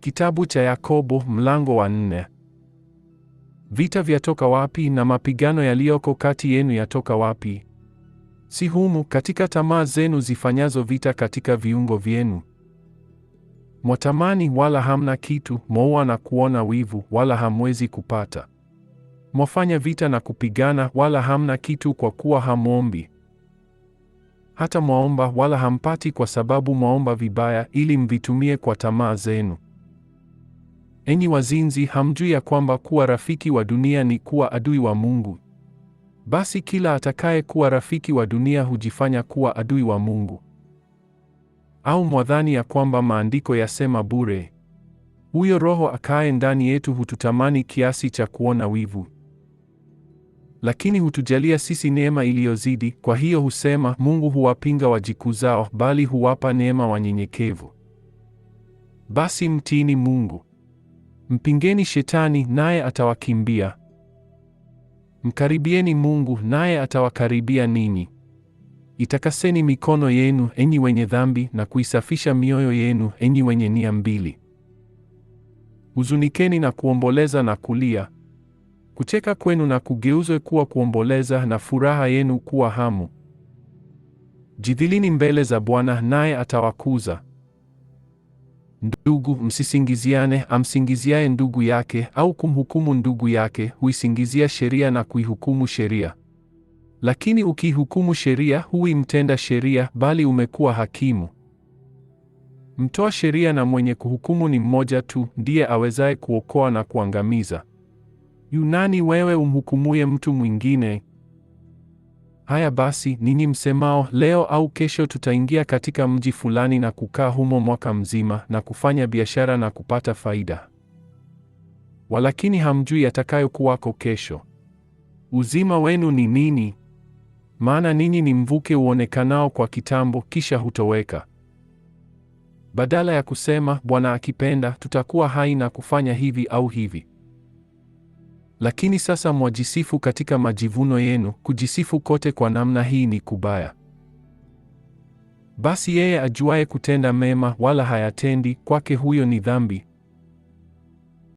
Kitabu cha Yakobo mlango wa nne. Vita vyatoka wapi na mapigano yaliyoko kati yenu yatoka wapi? Si humu katika tamaa zenu zifanyazo vita katika viungo vyenu? Mwatamani wala hamna kitu, mwaua na kuona wivu wala hamwezi kupata. Mwafanya vita na kupigana wala hamna kitu, kwa kuwa hamwombi. Hata mwaomba wala hampati, kwa sababu mwaomba vibaya, ili mvitumie kwa tamaa zenu. Enyi wazinzi, hamjui ya kwamba kuwa rafiki wa dunia ni kuwa adui wa Mungu? Basi kila atakaye kuwa rafiki wa dunia hujifanya kuwa adui wa Mungu. Au mwadhani ya kwamba maandiko yasema bure, huyo Roho akaye ndani yetu hututamani kiasi cha kuona wivu? Lakini hutujalia sisi neema iliyozidi. Kwa hiyo husema, Mungu huwapinga wajikuzao, bali huwapa neema wanyenyekevu. Basi mtiini Mungu. Mpingeni shetani naye atawakimbia. Mkaribieni Mungu naye atawakaribia ninyi. Itakaseni mikono yenu enyi wenye dhambi, na kuisafisha mioyo yenu enyi wenye nia mbili. Huzunikeni na kuomboleza na kulia. Kucheka kwenu na kugeuzwe kuwa kuomboleza, na furaha yenu kuwa hamu. Jidhilini mbele za Bwana naye atawakuza. Ndugu, msisingiziane. Amsingiziaye ndugu yake au kumhukumu ndugu yake huisingizia sheria na kuihukumu sheria. Lakini ukihukumu sheria, hui mtenda sheria, bali umekuwa hakimu. Mtoa sheria na mwenye kuhukumu ni mmoja tu, ndiye awezaye kuokoa na kuangamiza. Yunani wewe umhukumuye mtu mwingine? Haya basi, ninyi msemao leo au kesho tutaingia katika mji fulani na kukaa humo mwaka mzima na kufanya biashara na kupata faida, walakini hamjui yatakayokuwako kesho. Uzima wenu ni nini? Maana ninyi ni mvuke uonekanao kwa kitambo, kisha hutoweka. Badala ya kusema Bwana akipenda, tutakuwa hai na kufanya hivi au hivi. Lakini sasa mwajisifu katika majivuno yenu. Kujisifu kote kwa namna hii ni kubaya. Basi yeye ajuaye kutenda mema wala hayatendi, kwake huyo ni dhambi.